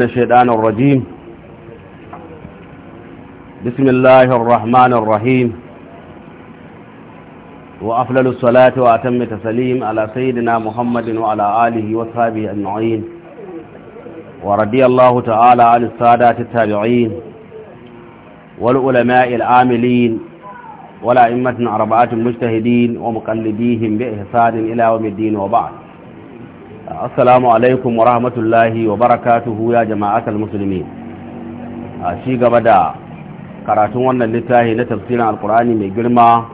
الشيطان الرجيم بسم الله الرحمن الرحيم وأفضل الصلاة وأتم تسليم على سيدنا محمد وعلى آله وصحبه أجمعين ورضي الله تعالى عن السادات التابعين والعلماء العاملين والأئمة أربعة المجتهدين ومقلديهم بإحسان إلى يوم الدين وبعد assalamu alaikum wa rahmatullahi wa barakatuhu ya jama'atul musulmi a shi gaba da karatun wannan littafi na tafsirin alkur'ani mai girma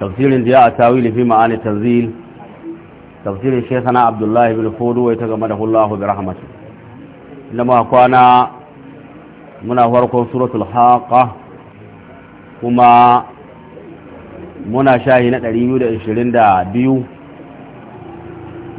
tafsirin da ya a tawili fi ma'ani tanzil tafsirin shekana abdullahi bin fodo wai ta game da hullahu bi rahmatu inda ma kwana muna farkon suratul haqa kuma muna shahi na 222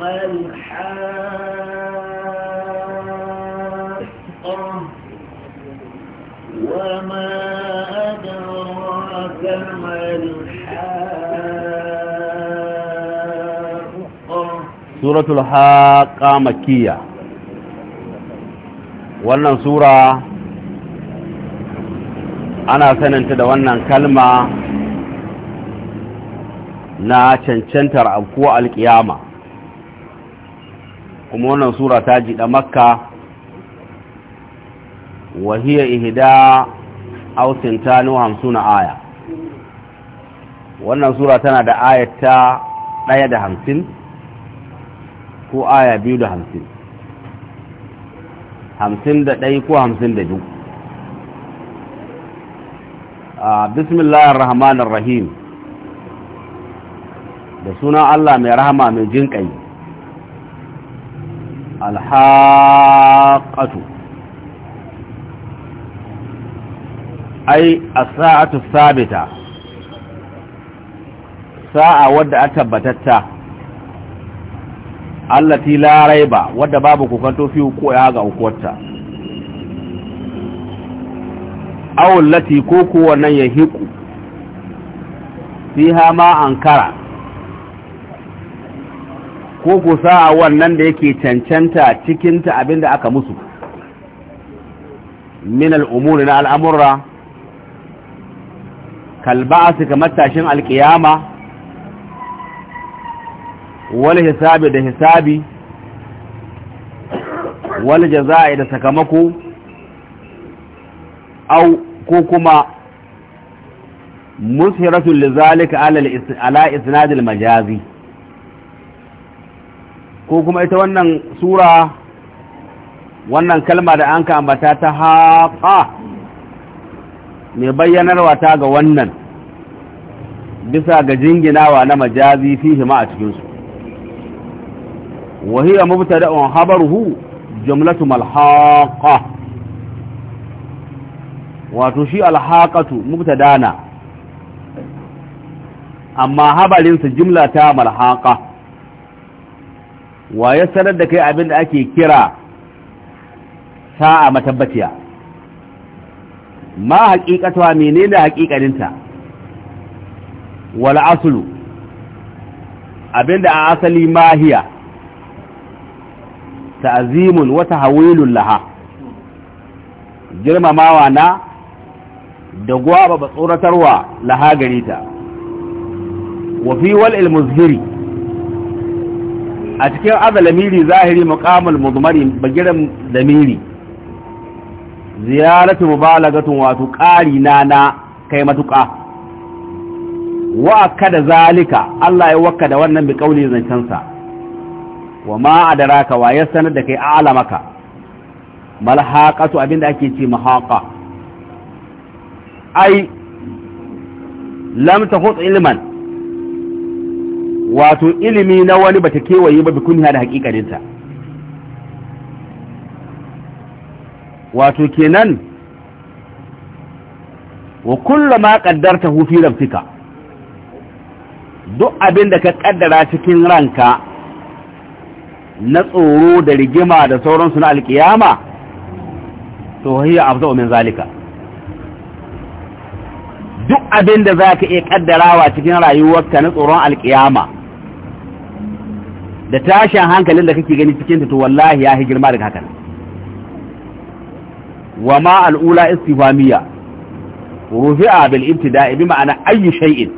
ما الحاقة وما أدراك ما الحاقة سورة الحاقة مكية wannan sura ana sananta da wannan kalma na cancantar abkuwa alkiyama kuma wannan sura ta jiɗa makka wahiyar ihida ausinta nu hamsuna aya wannan sura tana da ayata ɗaya da hamsin ko aya biyu da hamsin hamsin da ɗai ko hamsin da biyu bismillahir rahmanir rahim da suna allah mai rahama mai jinƙai alhaƙatu ai a sa'atu sabita sa'a wadda a tabbatatta allati larai ba wadda babu kukanto fi hukuwa ga hukuwarta awon lati ko kowannan ya hiku fi hama ankara ko ko wannan da yake cancanta cikinta abinda aka musu min al'umuri na al'amura, kalba su kamar tashin alkiyama wani hisabi da hisabi wani jaza'i da sakamako au ko kuma mushiratun lizalika ala isnadil majazi ko kuma ita wannan sura wannan kalma da an ka ambata ta haƙa mai bayyanarwa ta ga wannan bisa ga jinginawa na majazi fihi ma a cikinsu wahiyar habar hu jumlatu malhaƙa wato shi alhaqatu dana, amma habarinsa jumlata ta malhaƙa wa ya sanar da kai abin da ake kira sa'a matabbaciya ma haƙiƙatuwa menene haƙiƙaninta wal asulu abinda a asali mahiya ta'zimun wa tahwilun laha girmamawa na da gwaba ba tsoratarwa laha garita wa fi wal ilmuzhiri a cikin aza lamiri zahiri muqamul mudmari bagiran lamiri ziyaratu mubalagatun wato ƙari na na kai matuƙa wa kada zalika Allah ya waka da wannan bi kauli sa wa ma adraka wa ya sanar da kai alamaka malhaqatu abinda ake ce mahaqa ai lam tahut ilman wato ilimi na wani bata kewaye ba bi kunha da hakikaninta wato kenan wa kulla ma qaddartahu fi nafsika duk abin da ka kaddara cikin ranka na tsoro da rigima da sauransu na alkiyama to hiya afzau min zalika duk abin da za ka iya kaddarawa cikin rayuwarka na tsoron alkiyama da tashin hankalin da kake gani cikin to wallahi ya girma daga hakan wa ma al'ula istifamiya rufi'a bil ibtida'i bi ma'ana ayyi shay'in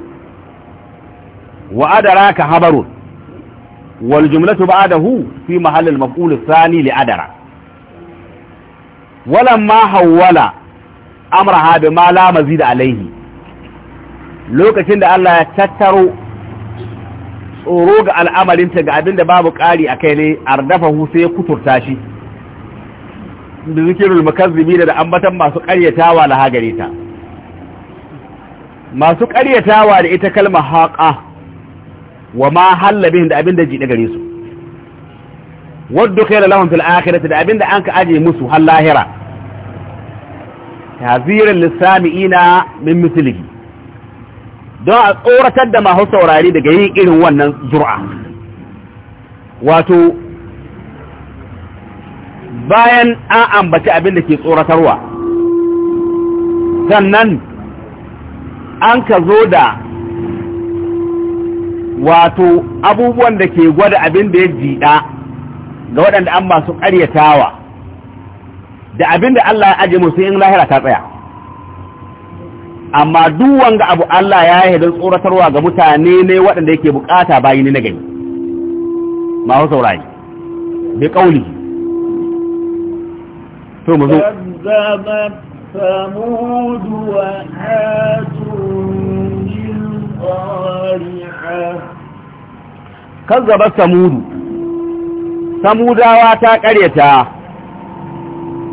wa adraka habarun wal jumlatu ba'dahu fi mahall al maf'ul athani li adara walamma hawwala amraha bima la mazid alayhi lokacin da Allah ya tattaro tsoro ga al'amarinta ga abin da babu ƙari a kai ne ardafahu sai ya kuturta shi da zikirul mukazzibi da ambatan masu ƙaryatawa na hagare ta masu ƙaryatawa da ita kalma haƙa wa ma halla da abin da ji gare su wadda kai da lahun fil akhirati da abin da an ka aje musu har lahira tazirin lissami'ina min mislihi don a tsoratar da masu saurari daga yin irin wannan zura wato bayan an ambaci abin da ke tsoratarwa sannan an ka zo da wato abubuwan da ke gwada abin da ya jiɗa ga waɗanda an masu ƙaryatawa da abin da Allah ya aje musu in lahira ta tsaya amma duk wanga abu Allah ya yi don tsoratarwa ga mutane ne waɗanda yake bukata bayi ne na gani ma hau saurari bai kauli to mu zo kazzaba samudu samudawa ta ƙaryata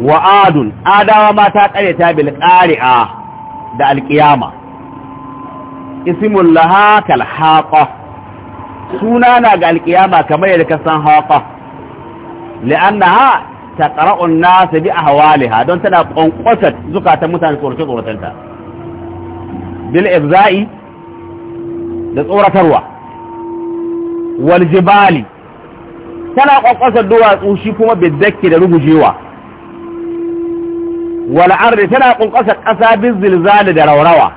wa adun adawa ma ta ƙaryata bil ƙari'a da alƙiyama. ismun laha kal haqa suna na ga alƙiyama kamar yadda ka san haqa li'annaha taqra'u an-nas bi ahwaliha don tana kwankwasar zukatan mutane tsorace ta. bil ibza'i da tsoratarwa wal jibali tana kwankwasar duwatsu shi kuma bidakki da rugujewa wal ardi tana kunkusa kasa bin zilzali da raurawa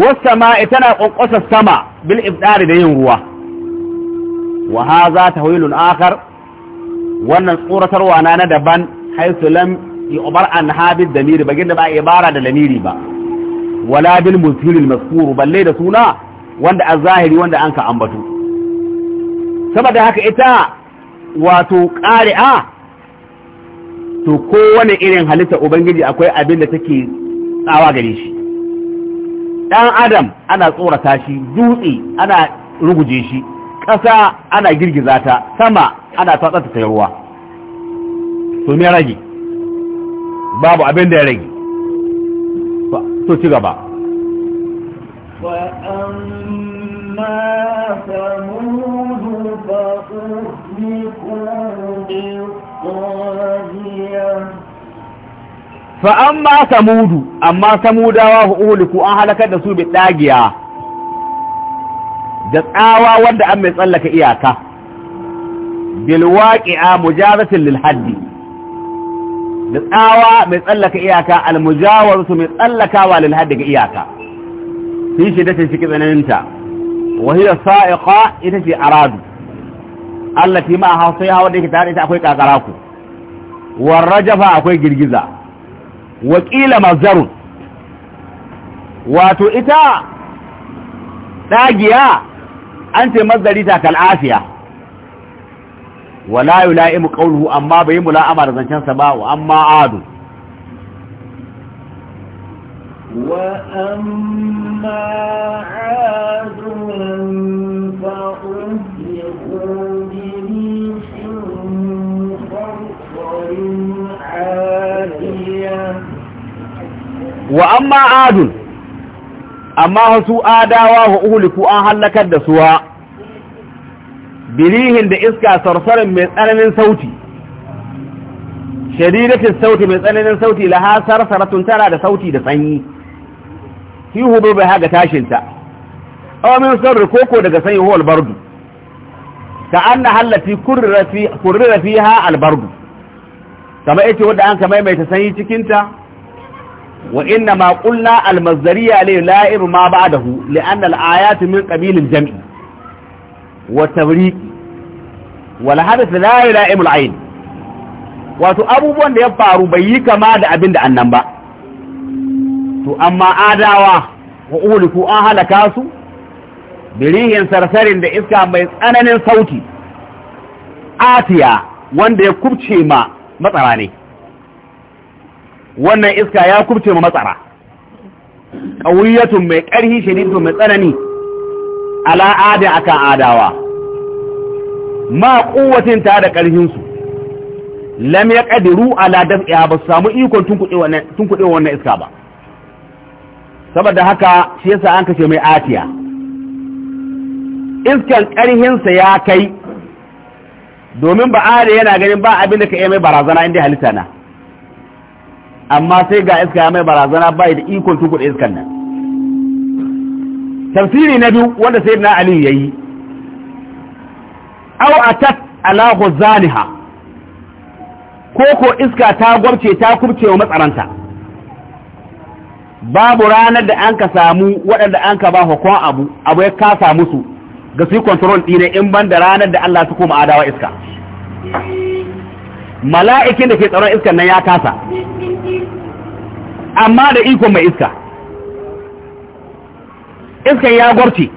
was sama'i tana kunkusa sama bil ibdari da yin ruwa wa hadha tahwilun akhar wannan tsoratarwa na na daban haisu lam yu'bar an Niri damiri bagin da ba ibara da lamiri ba wala bil muzhiril mazkur balle da suna wanda a zahiri wanda an ka ambatu saboda haka ita wato ƙari'a to kowane irin halitta ubangiji akwai abin da take tsawa gare shi dan adam ana tsorata shi dutse ana ruguje shi ƙasa ana girgiza ta sama ana tsatsata ta ruwa to me rage babu abin da ya rage to ci gaba fa amma samudu amma samudawa fa uhliku an halakar da su bi dagiya da tsawa wanda an mai tsallaka iyaka bil waqi'a mujazatin lil haddi da tsawa mai tsallaka iyaka al mujawazatu mai tsallakawa lil haddi ga iyaka fi shiddatin cikin tsananinta wa hiya sa'iqa ita ce aradu Allah ma ma'a sai hawa da yake tare ta akwai kakaraku rajafa akwai girgiza wakila mazarun wato ita dagiya an ce mazari ta kal'afiya wala yula'imu qawluhu amma bai mula'ama da zancen sa ba wa amma adu amma صرصر عالية وأما adawa أما an آداوا da أهلك الدسوا birihin da iska sarsarin mai tsananin sauti shadidatin sauti mai tsananin sauti laha sarsaratun tara da sauti da sanyi hihu hudu bai haga tashinta awamin sarri koko daga sanyi huwal bardu ka'anna hallati kurrira fiha albargu kamar yace wanda an kamar mai ta sanyi cikin ta maƙulla inna ma qulna almazariya la la'ib ma ba'dahu li'anna al-ayat min qabil al wa tawriq wa al-hadath la la'ib al-ayn wa abubuwan da ya faru bai yi kama da abinda annan ba to amma adawa wa uliku an halaka su birihin sarsarin da iska mai tsananin sauti atiya wanda ya kubce ma matsara ne wannan iska ya kubce ma matsara ƙauyatun mai ƙarhi shiritu mai tsanani ala akan adawa ma ƙuwatin ta da ƙarhinsu lam ya ƙadiru al'adar ya ba su samu ikon tunkuɗe wannan iska ba saboda haka shi yasa an kashe mai atiya iskan ƙarhinsa ya kai domin ba yana ganin ba abin ka iya mai barazana inda halitta na amma sai ga iska ya mai barazana ba da ikon tukuɗa iskan nan tafsiri na biyu wanda sai na ali ya yi au atat ala zaniha ko ko iska ta gwabce ta kubce wa matsaranta babu ranar da an ka samu waɗanda an ka ba hukun abu abu ya kasa musu ga su yi kontrol ɗine in ban da ranar da Allah su koma adawa iska mala'ikin da ke tsaron iskan nan ya kasa amma da ikon mai iska iskan ya gwarci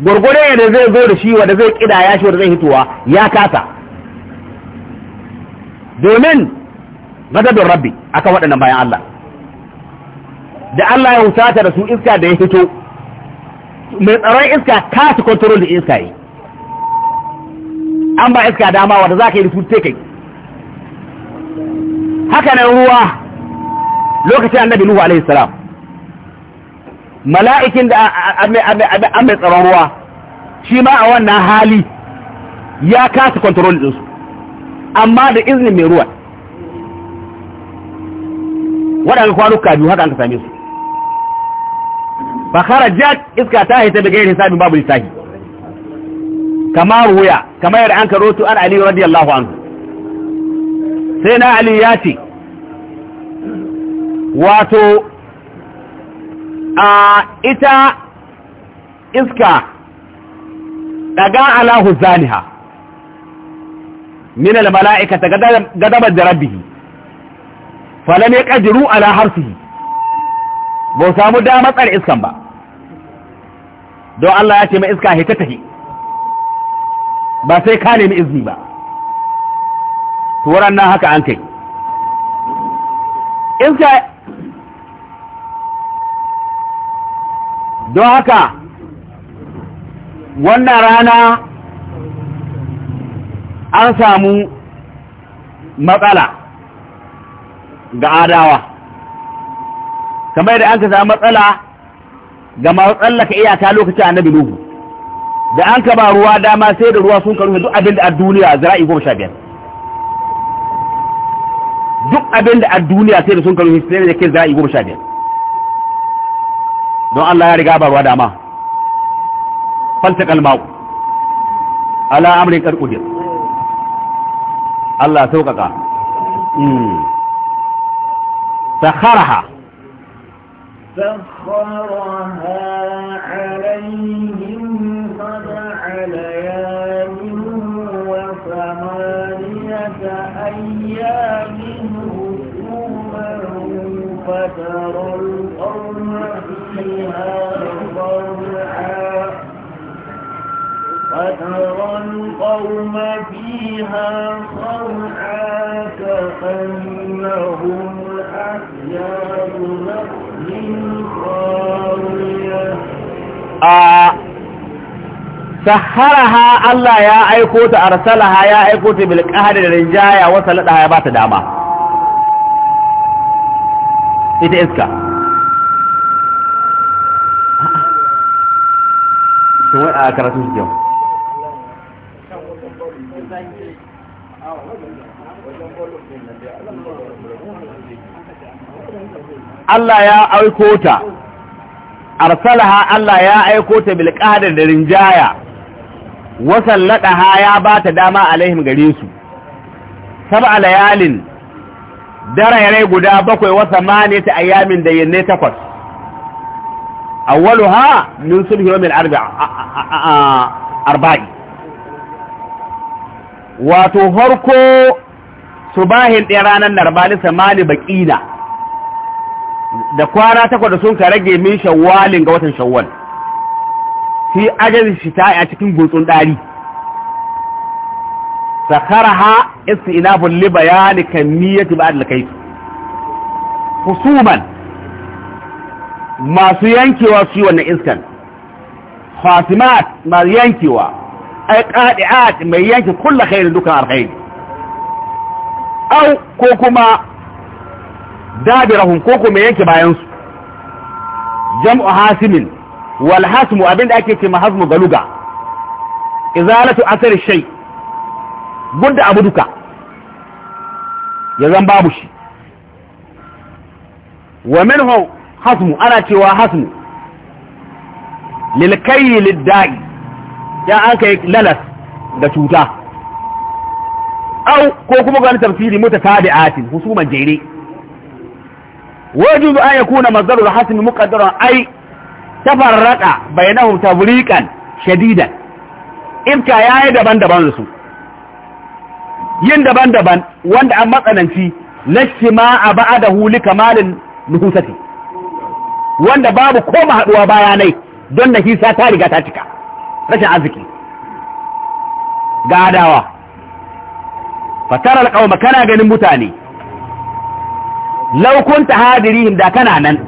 gwargwade da zai zo da shi wadda zai ƙida ya shi wadda zai hitowa ya kasa domin gadadun rabbi akan waɗannan bayan Allah da Allah ya husata da su iska da ya fito. mai tsaron iska ta su kontrol da iska yi an ba iska dama wadda za ka yi rufute kai haka nan ruwa lokacin annabi nuhu alaihi salam mala'ikin da an mai tsaron ruwa shi ma a wannan hali ya ka su kontrol ɗinsu amma da izinin mai ruwa waɗanda kwanuka biyu haka an ka same su Bakara kharajat iska ta hita daga yin hisabin babu lisahi kama ruya kama yadda an karoto an ali radiyallahu anhu sai na ali ya ce wato a ita iska daga alahu zaniha. min al-mala'ika ta gadabar da rabbihi Falame kajiru ala harfihi ba samu damar tsar iskan ba don Allah ya ce ma iska hita tahi ba sai ka nemi izini ba tuwaran nan haka an kai iska don haka wannan rana an samu matsala ga adawa kamar da an ka samu matsala ga masu tsallaka iyaka lokaci a nabi nuhu da an ka ba ruwa dama sai da ruwa sun karu duk abin da a duniya zira'i goma sha biyar duk abin da a duniya sai da sun karu sai da ke zira'i goma sha biyar don Allah ya riga ba ruwa dama falta kalmau ala amrin karkudir Allah sauƙaƙa hmm. sakharaha سخرها عليهم سبع ليال وثمانية أيام رسوما فترى القوم فيها ضرعا فترى القوم فيها صرعا كأنهم أحياء نخل a saharaha Allah ya aiko ta arsalaha ya aiko ta bil da rinjaya wasa lada ya bata dama ita iska shin wai a karatu shi yau Allah ya aiko ta arsalaha Allah ya aiko ta bil qadar da rinjaya wa sallataha ya ba ta dama alaihim gare su sab'a layalin yare guda bakwai wa ta ayamin da yanne takwas awwaluha min sulhi yawmil arba'a arba'i wato farko subahin ɗaya ranar narbali samani baƙina da kwana takwas da sun ka rage min shawwalin ga watan shawwal fi ajal shita a cikin gutsun dari sakaraha istinafun li bayani kamiyati ba'd al husuman masu yankewa su wannan iskan fasimat masu yankewa Ai qadi'at mai yanke kullu khairin dukan alkhairi au ko kuma dabirahum ko kuma yanke bayansu, su jam'u hasimin wal hasmu da ake ce mahazmu galuga izalatu asari shay gudda abu duka ya zan babu shi wa minhu hasmu ana cewa hasmu lil kayyi ya an kai lalas da cuta au ko kuma ga tafsiri mutatabi'atin husuman jere wajibu an yakuna mazdarul hasmi muqaddaran ay tafarraqa bainahum tafriqan shadidan ibka yayi daban-daban su yin daban-daban wanda an matsananci ma a ba'adahu li kamalin nuhusati wanda babu koma haduwa bayanai don nahisa ta riga ta cika rashin arziki ga adawa fatar alƙawma kana ganin mutane laukun ta hadirihim da kana nan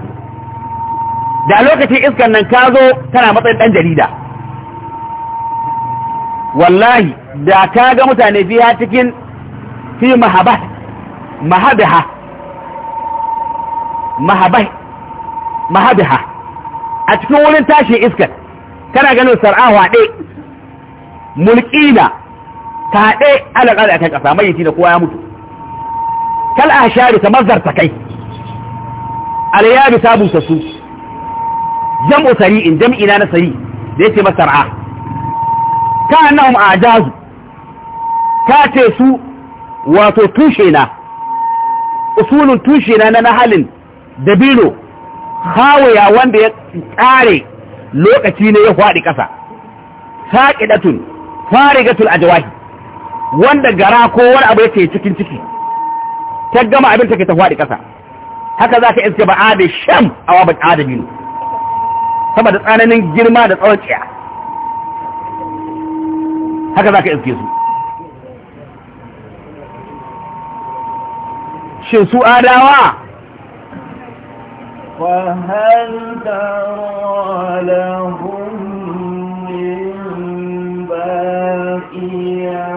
da lokacin iskan nan ka zo tana matsayin ɗan jarida wallahi da ka ga mutane biya cikin fi mahabaha mahabai mahabaha a cikin wurin tashi iskan kana ganin sar'ahu haɗe mulkina ta haɗe alaƙa da kan ƙasa mai yi da kowa ya mutu kal ashari kamar zartakai alyabi sabunta su jam'u sari'in jam'i na na sari da yake masar'a ka annahum ajazu ka ce su wato tushe na usulun tushe na na halin dabino hawaya wanda ya ƙare lokaci ne ya faɗi ƙasa saƙidatun farigatul ajwahi wanda gara ko wani abu yake cikin ciki ta gama abin take ta faɗi ƙasa haka za ka iske ba a da shan a wa ba a da biyu da tsananin girma da tsawon haka za ka iske su shin su adawa فهل ترى لهم من باقية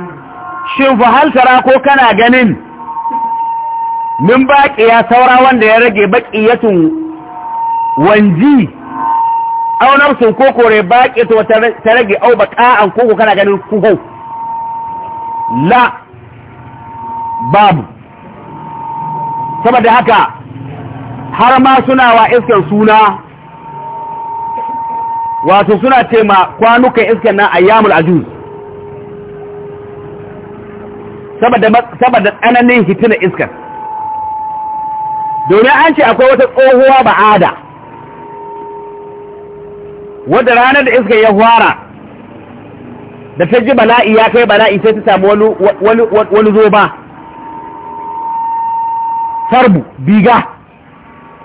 shin fa hal tara ko kana ganin min baƙi ya saura wanda ya rage baƙiyatun wanji sun ko kore baƙi ta rage au baƙa'an koko kana ganin kuhu la babu saboda haka har ma suna wa iskar suna wato suna ce ma kwanukan iskar na ayyamul ajuz saboda tsananin hitunan iskar domin an ce akwai wata tsohuwa ba'ada wadda ranar da iska ya fara da ta ji bala'i ya kai bala'i sai ta samu wani ba farbu biga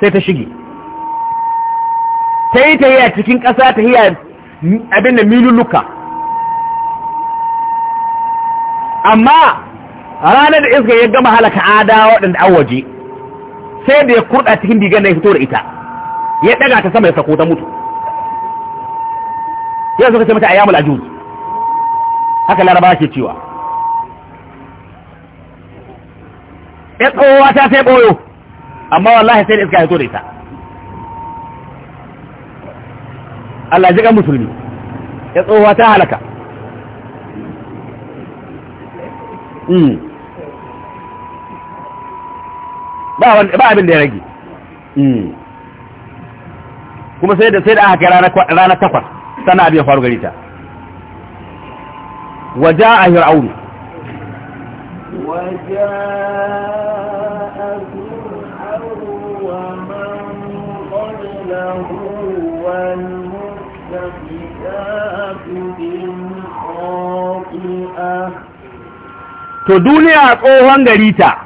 sai ta shige ta yi ta yi a cikin ƙasa ta yi abin da miluluka amma ranar da iska ya gama halaka ada waɗanda an waje sai da ya kurɗa cikin digan na ya fito da ita ya ɗaga ta sama ya sako ta mutu yau suka ce mata a yamul ajuz haka laraba ke cewa ya tsohuwa ta sai ɓoyo amma wallahi sai da iska ya to da ita Allah ji kan musulmi ya tsohuwa ta halaka hmm. ba abin da ya rage hmm. kuma sai da sai da aka kai ranar takwas sana abin ya faru gari ta waje a hir'aunu waje a to duniya tsohon gari ta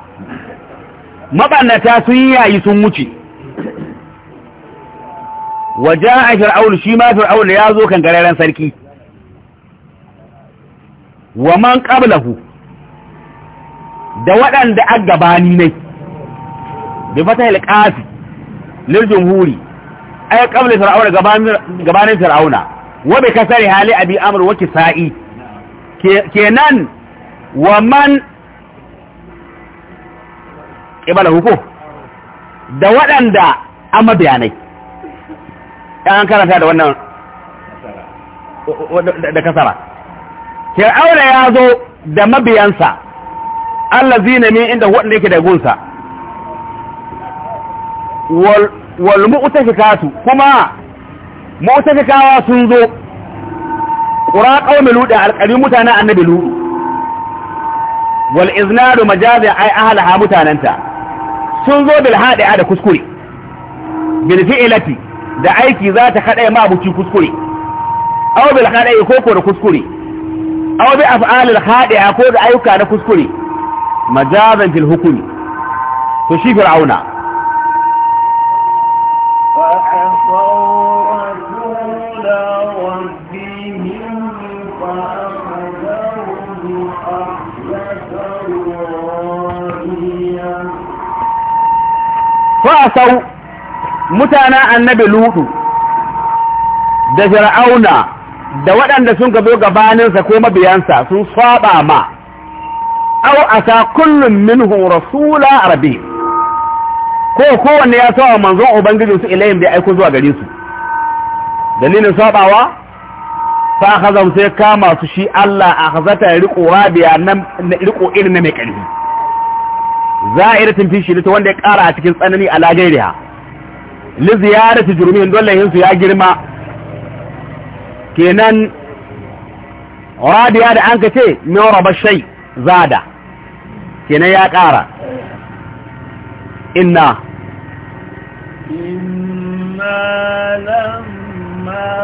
maɓannata sun yayi sun wuce waje a fir'aunu shi ma fir'aunu ya zo kan gararen sarki wa man qablahu da waɗanda a gabani ne bi fata ilƙafi lil jumhuri ay qabla fir'auna gabanin fir'auna wa bi kasari hali abi amr wa kisa'i kenan wa man ƙibalahu hukum? da waɗanda an mabiyanai an karanta da wannan da kasara fir'auna ya zo da mabiyansa Allah zina min inda waɗanda yake da gunsa wal kasu? kuma kawa sun zo qura qaumi ludu alƙari mutane annabi ludu wal iznadu majazi ay ahlaha mutanenta. sun zo bil hadi'a da kuskure bil fi'lati da aiki za ta kada ma kuskure aw bil ko ko da kuskure aw bi af'al al hadi'a ko da ayyuka na kuskure majazan fil hukmi to shi fir'auna fa sau mutanen annabi ludu da fir'auna da waɗanda sun gabo gabaninsa ko mabiyansa sun saba ma Au a sa kullum minhum rasula rabi? ko kowanne ya sawa manzon ubangiji su ilayin da aiko zuwa gare su dalilin sabawa fa akhazam sai kama su shi Allah a riqo rabiya nan riqo irin na mai ƙarfi za'iratin fi shidda wanda ya ƙara a cikin tsanani a lagairiya li ziyarati jurmin dole yin su ya girma kenan radiya da an ka ce min shai za zada kenan ya ƙara inna inna lamma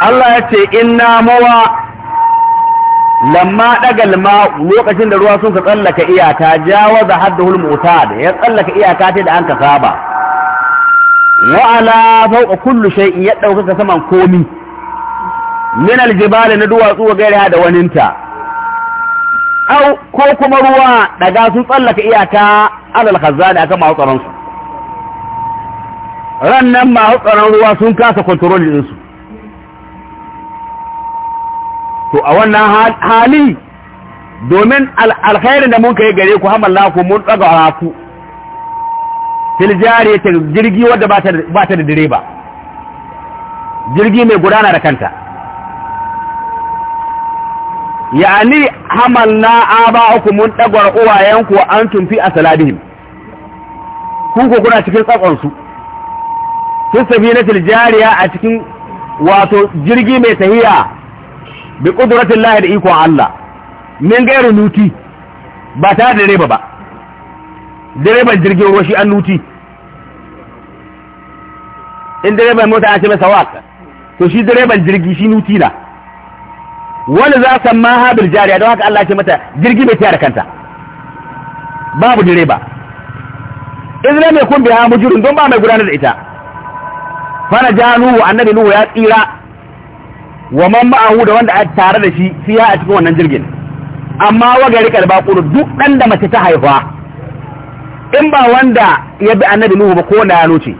Allah ya ce inna mawa lamma dagal ma lokacin da ruwa sun ka tsallaka iyaka jawaza haddul mutad ya tsallaka iyaka ta da an ka saba wa ala fawqa kulli shay'in ya dauka saman komi min aljibali na duwatsu wa gaira da waninta au ko kuma ruwa daga sun tsallaka iyaka alal khazani akan tsaron su rannan masu tsaron ruwa sun kasa kontrol din su to a wannan hali domin alkhairin da mun kai gare ku hamalla ku mun daga ku fil jariya jirgi wadda ba ta da direba jirgi mai gudana da kanta ya'ani hamalna ku mun dagwar uwayenku an tun fi asaladihim kun ku kuna cikin tsakon su safi na jariya a cikin wato jirgi mai tahiya bi kudratin lahi da ikon Allah min gairu nuti ba ta da direba ba direban jirgin ruwa shi an nuti in direban mota an ce masa waka to shi direban jirgi shi nuti na wani za san ma jariya don haka Allah ce mata jirgi bai tiya da kanta babu direba izra mai kun biya mujirin don ba mai gudanar da ita fara ja nuhu annabi nuhu ya tsira wa man ma'ahu da wanda a tare da shi ya a cikin wannan jirgin amma wa gari karba kuru duk dan da mace ta haifa in ba wanda ya bi annabi nuhu ba ko da ya noce.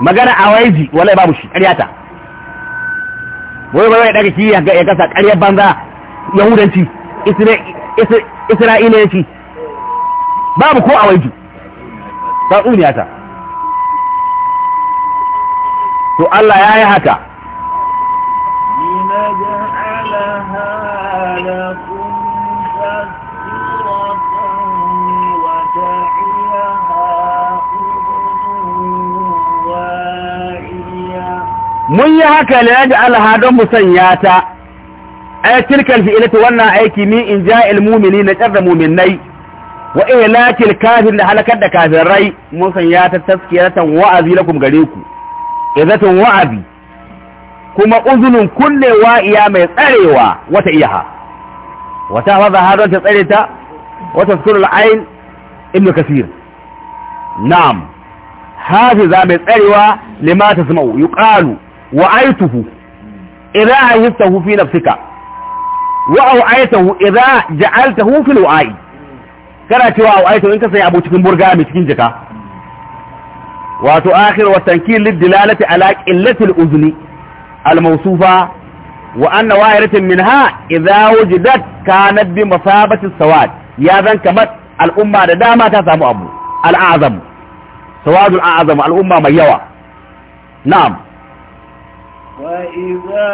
magana a waiji wallahi babu shi ƙarya ta wai wai daga shi ya kasa ƙaryar banza yahudanci isra'ilanci babu ko a waiji ta tsuniya ta to Allah ya yi haka فجعلها لكم تذكرة وتعيها mun yi haka la yaj'alha don musanyata ay tilka alfi'latu wannan aiki ni in ja'il mu'minina qarra mu'minai wa ihlakil kafir da halakar da kafirai musanyata tazkiratan wa'azi lakum gare ku idatun wa'azi kuma uzunin kullewa iya mai tsarewa wata iyaha wata hafaza ha don ta tsare ta wata sukurul ain ibnu kasir na'am hafi za mai tsarewa lima tasma'u yuqalu wa aituhu idza haftahu fi nafsika wa au'aitahu idza ja'altahu fil wa'i kana cewa aitahu in ka sai abu cikin burga mai cikin jaka wato akhir wa tankil lid dilalati ala qillati al uzni الموصوفة وأن وائرة منها إذا وجدت كانت بمثابة السواد يا ذن كمت الأمة داما تسام أبو الأعظم سواد الأعظم الأمة ميوة نعم وإذا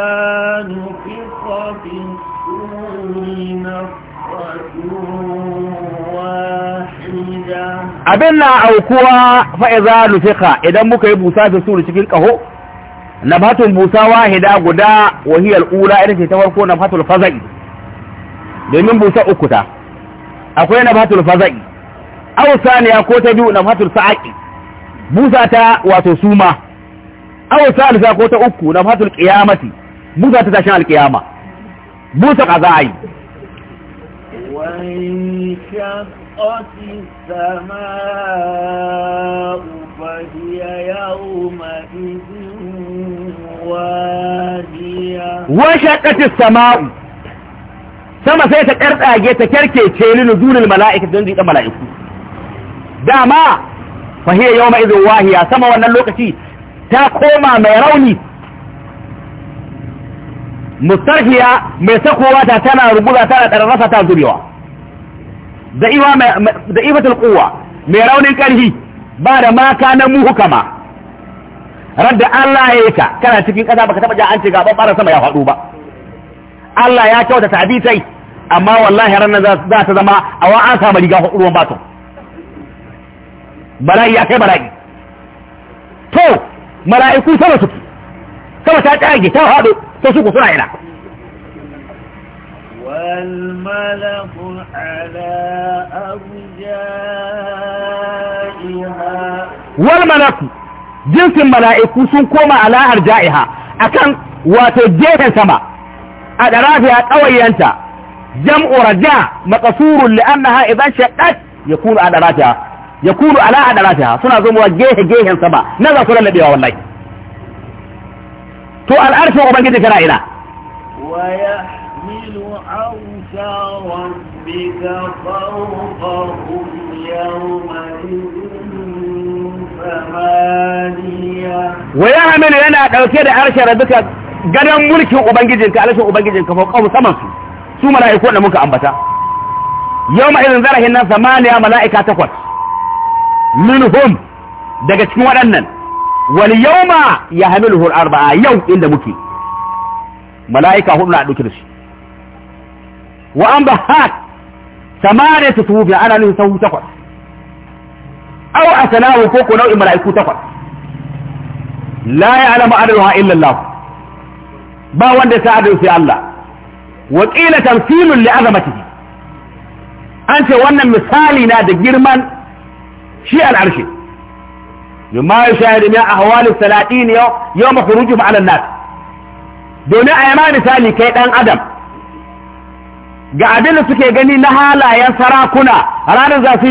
نفق في السور نفخة واحدة أبنى أو fa'iza فإذا idan إذا yi busa السور suri cikin nafatul musa wahida guda wahiyar ula idan ce ta farko nafatul faza'i domin busa uku ta akwai nafatul faza'i aw saniya ko ta biyu nafatul sa'aqi busa ta wato suma aw salisa ko ta uku nafatul qiyamati busa ta tashin alqiyama busa qazai wa in السماء فهي يومئذ washaqqatis sama'u sama sai ta kartsage ta kerkece ni nuzulul mala'ikati don jidan mala'iku dama fa hiya yawma idhin wahiya sama wannan lokaci ta koma mai rauni mustarhiya mai sakowa ta tana rubuza tana ɗararrasa ta zubewa da ifatul kuwa mai raunin ƙarfi ba da maka na muhu kama radda Allah ya yi ka kana cikin ƙasa baka taba ja an ce ga babbar sama ya faɗo ba Allah ya kyauta tabitai amma wallahi ran za ta zama a wa an samu riga ruwan baton bala'i ya kai bala'i to mala'iku sama suke sama ta tsage ta faɗo to su ku suna ina والملك على أرجائها والملك jinsin mala'iku sun koma ala'ar ja'iha akan wato gefen sama a ɗarafiya ƙawayenta jam'u raja maqsurun li'annaha idan shaqqat yakunu a ɗarafiya yakunu ala a ɗarafiya suna zomowa gehe gehen sama na za su lallabewa wallai to al'arshin ubangiji kana ina ويحمل عرش ربك فوقهم يومئذ wa ya yana ɗauke da harshen duka gadon mulkin ubangijinka alashin ubangijinka ko kawo saman su su mala'iku da muka ambata yau ma irin zarahin nan samaniya mala'ika takwas minhum daga cikin waɗannan wal ma ya hamilu arba'a yau inda muke mala'ika hudu na ɗauke da shi wa an ba hat samaniyatu tuhufin ana nufin sahu takwas aw asnahu ko ko nau'in mala'iku takwas la ya'lamu adaduha illa Allah ba wanda ta adadu Allah wa qila tamthilun li azamatihi an ce wannan misali na da girman shi al'arshi mimma yashahadu min ahwal as-salatin yawm khurujuhum 'ala an-nas domin a yama misali kai ɗan adam ga abin suke gani na halayen sarakuna ranar za su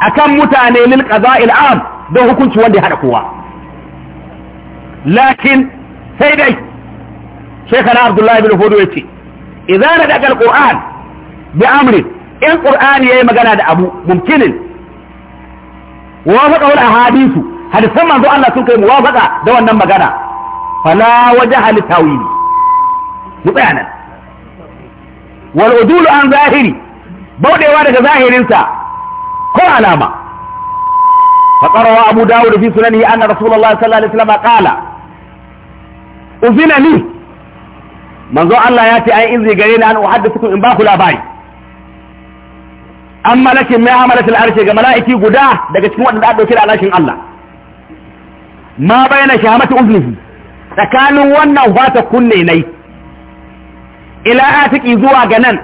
akan mutane lil qada'il am don hukunci wanda ya hada kowa lakin sai dai shekara abdullahi bin hudu yace na nadaqa alquran bi amri in ya yayi magana da abu mumkinin wa wafaqa a hadisu hadisan manzo Allah sun kai muwafaqa da wannan magana fala wajha li mu tsaya nan wal an zahiri baudewa daga zahirinsa ko alama faƙarawa abu dawud fi sunanihi anna rasulullahi sallallahu alaihi wasallam qala uzina li manzo Allah ya ce ai izi gare na an uhaddithukum in ba ku labari an malakin mai hamalatul arshe ga mala'iki guda daga cikin waɗanda aka ɗauki da alashin Allah ma bayyana shahamatu uznihi tsakanin wannan fata kunne nai ila atiki zuwa ga nan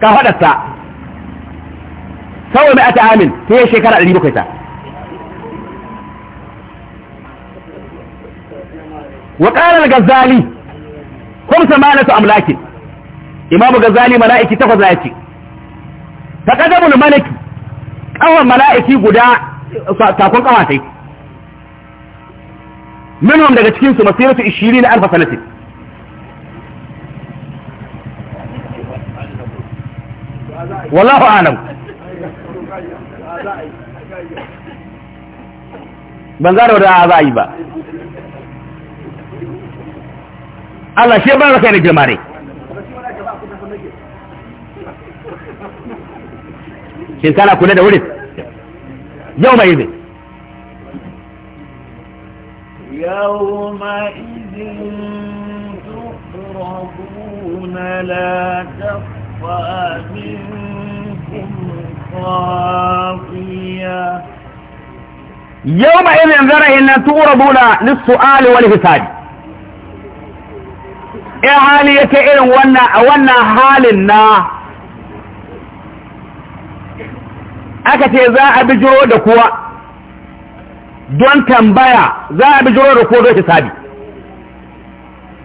ka Kawai mai ata amin sai yi shekara 700 ta wa qala al-ghazali kum samanatu amlakin imamu ghazali mala'iki takwas ya ce taqaddamul malaki kawan mala'iki guda takon kawatai minhum daga cikinsu masiratu masiratu na alf sanatin wallahu a'lam ban gano da za yi ba Allah shi ba kai ne girma ne kana kula da wuri yau mai izin يومئذ لا تخفى منكم طاغية يومئذ ذرئن تغرضون للسؤال والحساب in hali yake irin wannan a wannan halin na aka ce za a bijiro da kuwa don tambaya za a bijiro da kuwa zai hisabi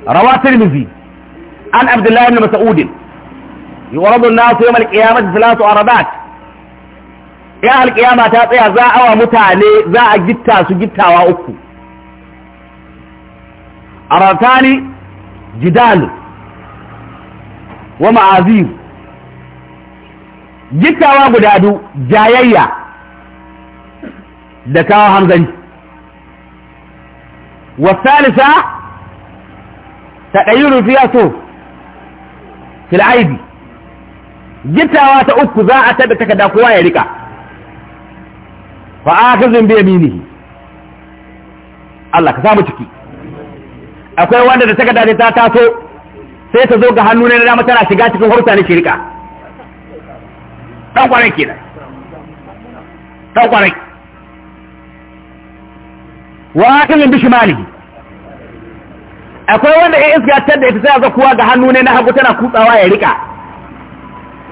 rawa tirmizi an abdullahi ibn na yuraddu an-nasu yawm al ya alƙiyama ta tsaya za a wa mutane za a gitta su gittawa uku aratani jidal wa ma'azin gittawa guda jayayya da kawo hamzani wasalisa ta ɗayi rufi ya so fil'aibi gittawa ta uku za a taɓa takada kowa ya rika fa akazin bi yaminihi Allah ka samu ciki akwai wanda da takarda ta taso sai ta zo ga hannu na dama tana shiga cikin hurta na shirka dan kwarai kenan dan kwarai wa akazin bi shimalihi akwai wanda ya iska tar da ita sai ga kuwa ga hannu ne na hagu tana kutsawa ya rika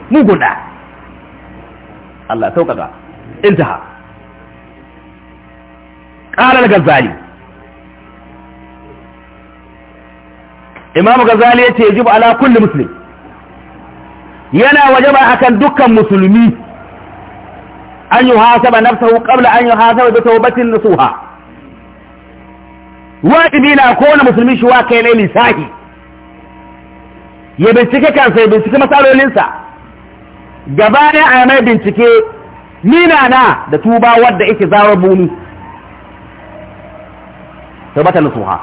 mugun Allah sauƙaƙa intaha Ƙalal gazzali, Imam Gazzali ya ce jibi ala kulli musulmi yana waje ba dukkan musulmi, an yi hasaba na fahimtar an yi hasaba da ta nasuha, wani na kona musulmin shuwaka na yi lissafi, ya bincike kansa ya bincika masalolinsa, gaba ne a yammai bincike ni na na da tuba wanda ya ke zawar sai bata suha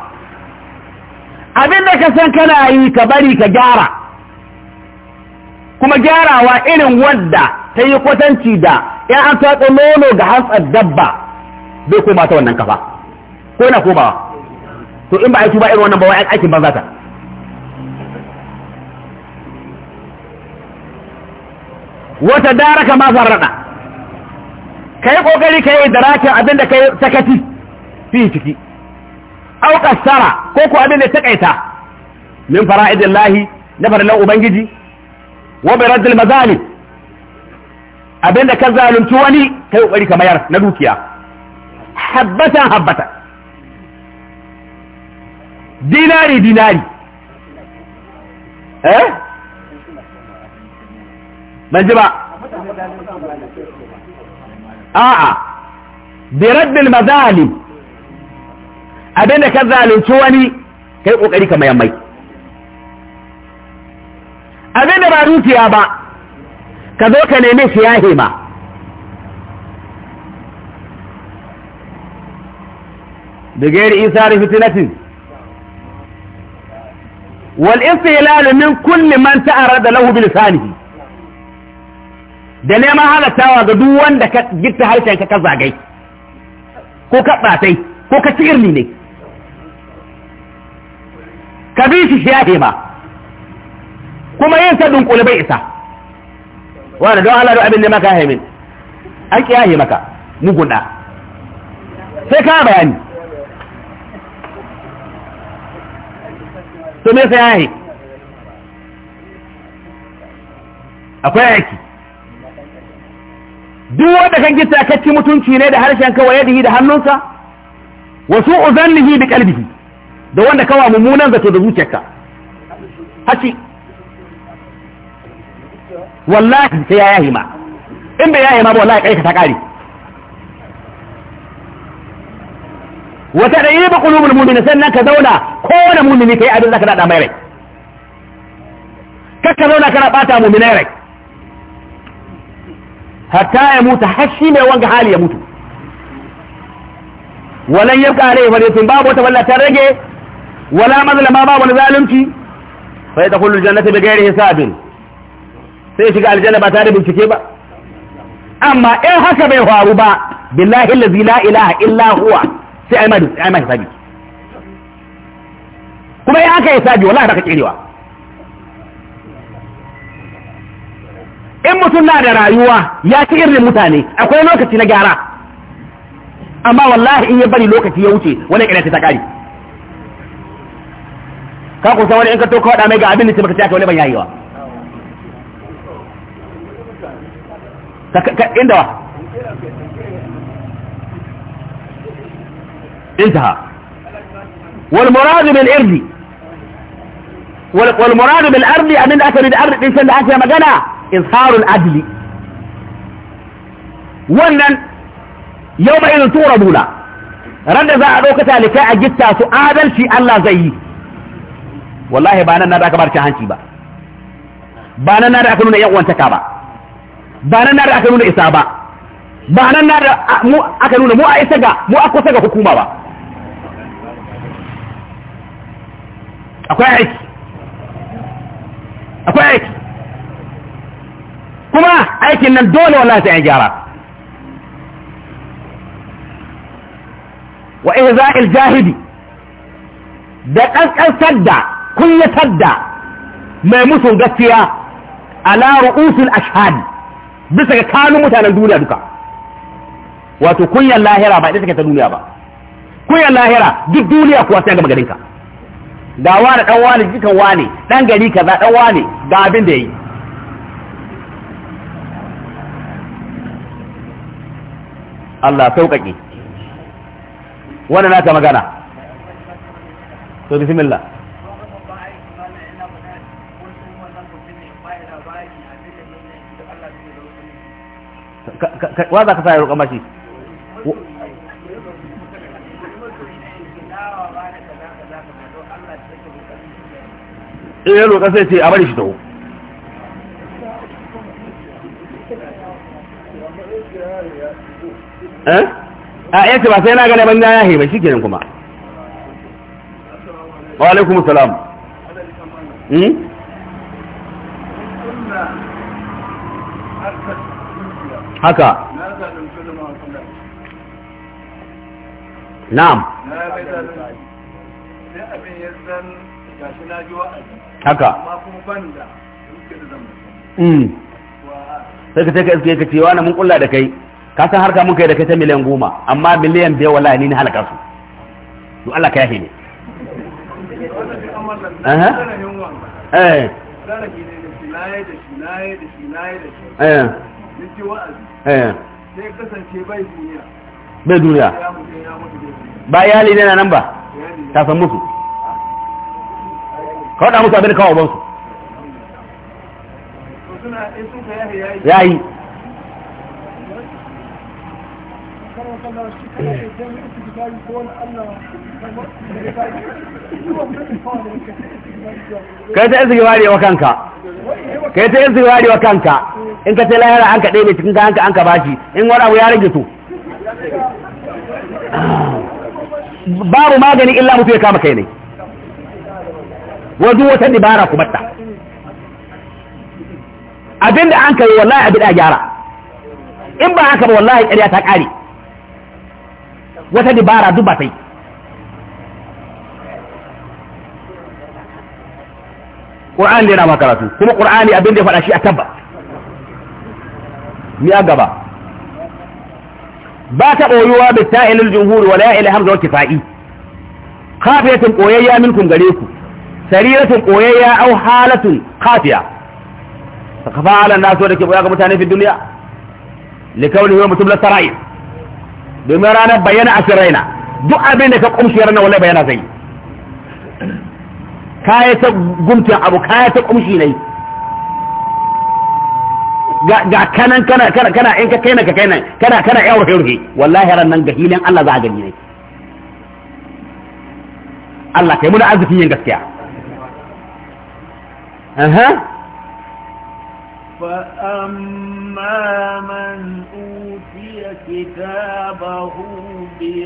abin da ka san kana yi ka bari ka gyara kuma gyarawa irin wadda ta yi kwatanci da ya an tatsa nono ga hantsar dabba bai koma ta wannan kafa ko na komawa to in ba aiki ba irin wannan ba wai aikin banza ta wata daraka ma zarrada ka yi ƙoƙari ka yi da rakin abin da ka yi sakati fi ciki au kasara ko ko abin da takaita min fara'idillahi na farlan ubangiji wa bai raddil mazalim abin da ka zalunci wani kai kokari ka mayar na dukiya habbatan habbatan dinari dinari eh ban ji ba a'a bi raddil mazalim abin da ka zalunci wani ka yi ƙoƙari ka mayan abin da ba rufiya ba ka zo ka nemi shi yahe ma da gairi isa da fitinatin wal istihlal lalumin kulle man da lahu da sanihi, da neman halattawa ga duk wanda ka gita harshen ka zagai ko ka ɓatai ko ka ci irni ne ka bi shi shahe ma kuma yin sa dunkule bai isa wanda don Allah don abin da maka haimin an kiyaye maka mugunda sai ka bayani to me sai yayi akwai aiki duk wanda kan gita kacci mutunci ne da harshen kawai yadihi da hannunsa wasu uzannihi da qalbihi da wanda kawa mummunan zato da zuciyarka haci wallahi sai ya yahi ma in bai yahi ma ba wallahi kai ka ta kare wata da yi ba kulubul mu'mini sannan ka zauna kowane mu'mini kai abin zaka dada mai rai kakka zauna kana bata mu'minai rai hatta ya mutu hashi mai wanga hali ya mutu walan yabqa alayhi fariyatin babu wata walla ta rage wala mazlama ba wani zalunci fa ta kullu jannati bi ghairi hisabin sai shiga aljanna ba tare bincike ba amma in haka bai faru ba billahi allazi la ilaha illa huwa sai ai mai ai kuma in aka kirewa in mutum na da rayuwa ya ci irin mutane akwai lokaci na gyara amma wallahi in ya bari lokaci ya wuce wani ƙirata ta ƙari ka ku san wani in ka to ka faɗa mai ga abin da baka ce aka wani ban yayewa inda wa wal والمراد بالارض والمراد بالارض ابن اكل الارض دين سن aka magana izharul adli wannan yau ba irin tura bula ran da za a dauka talikai a gitta su adalci Allah zai yi wallahi ba nan na da aka bar cin hanci ba ba nan na da aka nuna yan uwantaka ba ba nan na da aka nuna isa ba ba nan na da mu aka nuna mu a isa ga mu a kusa ga hukuma ba akwai aiki akwai aiki kuma aikin nan dole wallahi sai an gyara wa ihza'il jahidi da ƙasƙantar sadda. kunyatar da mai musu gaskiya ala ru'usul ashhad bisa ga kanun mutanen duniya duka wato kunyar lahira ba ita take ta duniya ba kunyar lahira duk duniya kuwa sai ga maganinka ga wani ɗan wani jikan wani dan gari kaza ɗan wani ga abin da yi, Allah sauƙaƙi wani na ta magana to bismillah wa za ka sa ya roƙa mashi in ya roƙa sai ce a bari shi taho eh? a yace ba sai na gane ban ya yahe shi shikenan kuma wa alaikum salam hmm? haka na'am haka mm. sai ka sai ka iske ka cewa na mun kulla da kai ka san harka mun kai da kai ta miliyan goma amma miliyan biyar wala ni na halaka su to Allah ka yafe eh. ne eh eh Eh. bai duniya ba iyali ne na nan ba ta san musu ka waɗa musu abin da kawo bansu ya yi kai ta yin zigwari wa kanka kai ta yin zigwari wa kanka in ka ce lahira an ka mai cikin ka an ka bashi in wani abu ya rage to babu magani illa mutu ya kama kai ne wajen wata dibara ku batta abin da an ka yi wallahi abin da gyara in ba haka ba wallahi ƙarya ta ƙare wata dibara duk ba ta yi ƙur'ani yana makaratu kuma ƙur'ani abin da ya faɗa shi a tabbas a gaba ba ta ɓoyuwa da ta'ilil jumhur wala ila hamza wa kifa'i khafiyatun min minkum gare ku sariratun ɓoyayya au halatun khafiya ka kafa ala na so da ke ɓoya ga mutane fi duniya likawli huwa mutum la sarai domin ranar bayyana a siraina duk abin da ka kumshiyar na wala bayana zai kaya ta gumtin abu kaya ta kumshi ne ga kanan kana kana kana in ka kaina ka kaina kana kana ya rufe rufe wallahi ran nan hilin Allah za a gani ne Allah kai mu da arzikin yin gaskiya aha utiya kitabahu bi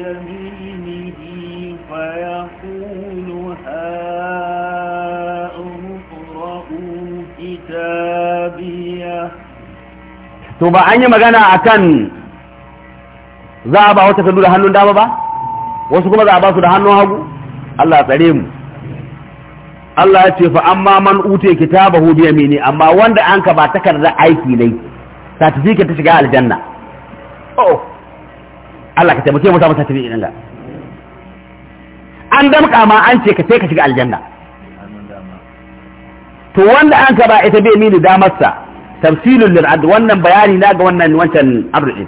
كتابه بيمينه فيقول هاؤم اقرءوا كتابيه to ba an yi magana akan za a ba wata kallu da hannun dama ba wasu kuma za a ba su da hannun hagu Allah tsare mu Allah ya ce fa amma man ute kitabahu bi yamini amma wanda an ka ba takarda aiki ne certificate ta shiga aljanna oh Allah ka taimake mu samu certificate din ga an damka ma an ce ka sai ka shiga aljanna to wanda an ka ba ita bi yamini damarsa tamsilun lil abd wannan bayani na ga wannan wancan abdin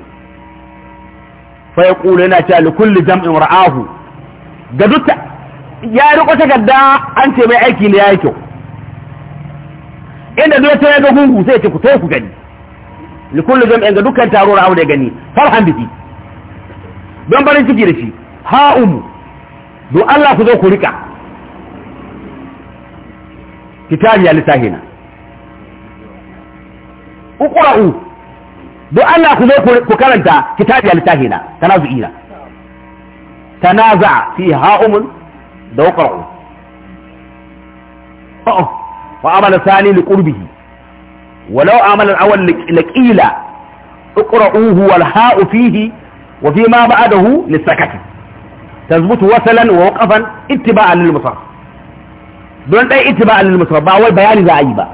fa yaqulu yana cewa li kulli jam'in ra'ahu ga dukkan ya riko takarda an ce mai aiki ne yayi kyau inda duk ta ga gungu sai ce ku to ku gani li kulli jam'in ga dukkan taro ra'ahu da gani farhan biki don barin ciki da shi ha'um don Allah ku zo ku rika kitabi ya lisahina uqra'u duk Allah ku zo ku karanta kitabi al-tahina tanazu'ina tanaza fi ha'umun da uqra'u oh wa amala sani li qurbihi walau amala al-awwal laqila uqra'uhu wal ha'u fihi wa fi ma ba'dahu lisakati tazbutu wasalan wa waqafan ittiba'an lil musaf don dai ittiba'an lil musaf ba wai bayani za a yi ba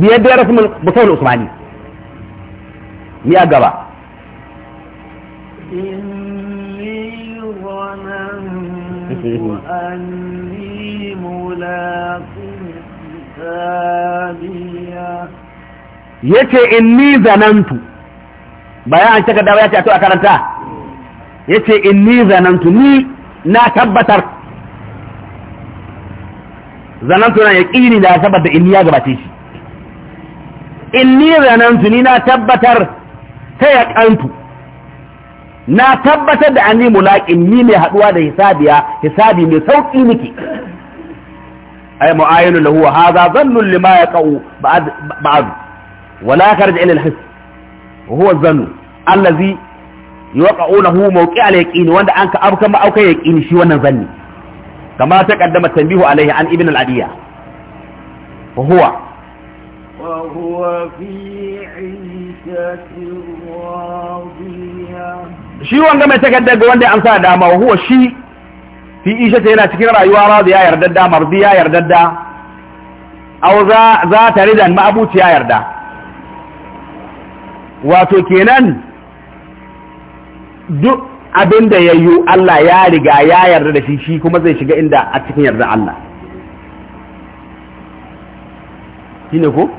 biyar da rasmul musaf al-usmani ni a gaba وأني ملاق حسابية yace zanantu bayan an cika dawa ce a to a karanta yace ni zanantu ni na tabbatar zanantu na ya ni da in inni ya gabace shi In ni zanantu ni na tabbatar ta ya ƙantu na tabbatar da an yi mulaƙin ni mai haɗuwa da hisabiya hisabi mai sauƙi nake ai mu'ayinu lahu wa hadha dhannun lima yaqau ba'd wala karja ila al-hiss wa huwa dhannu allazi yuqaunahu mawqi' al-yaqin wanda an ka abka ma'auka yaqin shi wannan zanni kama ta kaddama tanbihu alaihi an ibn al-adiya wa huwa wa huwa fi 'ishatin shi wanga mai takardar ga wanda ya amsa dama huwa shi fi isha ta yana cikin rayuwa razu ya yarda da marzi ya yarda da au za ta rida ma'abuci ya yarda wato kenan duk abin da ya yi Allah ya riga ya yarda da shi shi kuma zai shiga inda a cikin yarda Allah shi ne ko?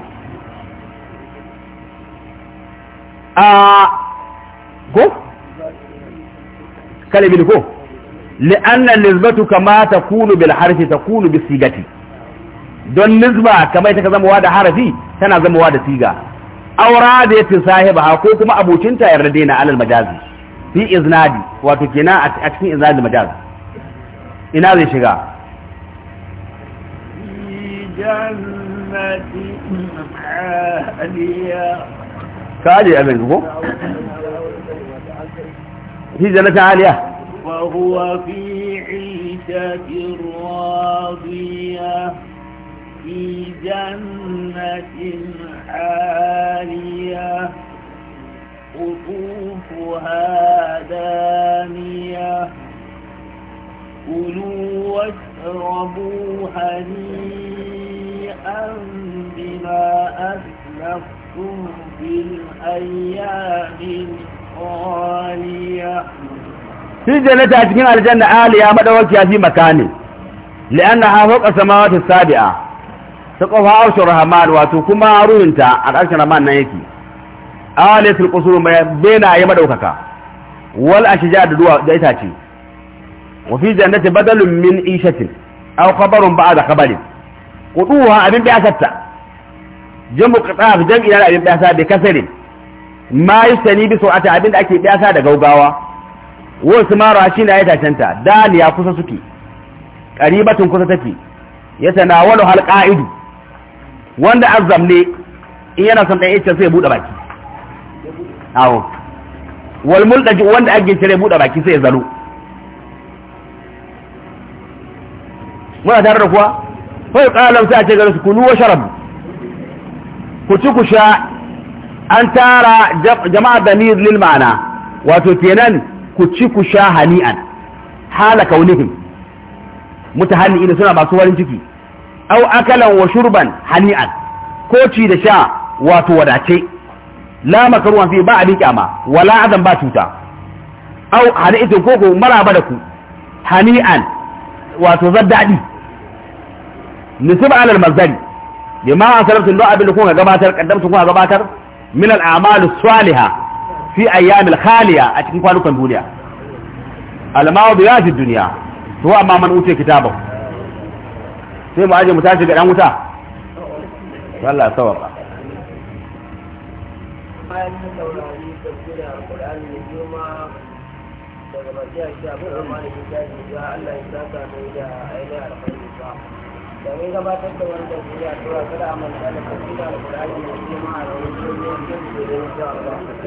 a ah, ko? كلمة كو لأن النسبة كما تكون بالحرف تكون بالصيغة دون نسبة كما يتكلم واد حرفي تنظم واد صيغة أو رادية صاحبها كو كما أبو تنتا يردينا على المجاز في إذناد وتكنا أتكين إذناد المجاز إنا ذي شغا جنة عالية كالي أبنك في جنة عالية وهو في عيشة راضية في جنة عالية قطوفها دانية كلوا واشربوا هنيئا بما أسلفتم في الأيام fi jannata cikin aljanna aliya madawakiya fi makani li'anna ha fawqa samawati sabi'a kofa aushu rahman wato kuma ruhinta arshur rahman nan yake aliyatul qusur ma bena ya madaukaka wal ashja da duwa da itace wa fi jannati badalun min ishatin aw khabarun ba'da khabarin quduha abin bi asatta jamu qata'a jam'i abin bi bi kasarin ma yustani bi sau'ata abinda ake ɗasa da gaugawa wasu mara shi na ya tashanta ya kusa suke ƙaribatun kusa take ya wani halƙa'idu wanda an zamne in yana son ɗan iccen sai ya baki awo wal ɗaji wanda ake cire buɗe baki sai ya zalo muna tare da kuwa fa qalam sai a ce ga su kulu wa sharabu ku ci ku sha an tara jama'a da lil ma'ana wato kenan ku ci ku sha hani'an hala kaunihim ina suna masu warin ciki au akalan wa shurban hani'an ko ci da sha wato wadace la makaruwan fi ba abin kyama wala azan ba cuta au hani'atin koko maraba da ku hani'an wato zaddadi nisba alal mazari bima ma sarrafa don abin ku ga gabatar ku ga gabatar من الأعمال الصالحة في أيام الخالية أتكن قالوا كان دنيا الماو بياج الدنيا هو ما من أوتي كتابه في مواجه متاشر قد أموتا والله صورة da ya gabatar da wanda su ya tura kada a da kafin da alƙur'ani da kuma a rayuwar yankin da ya zuwa ba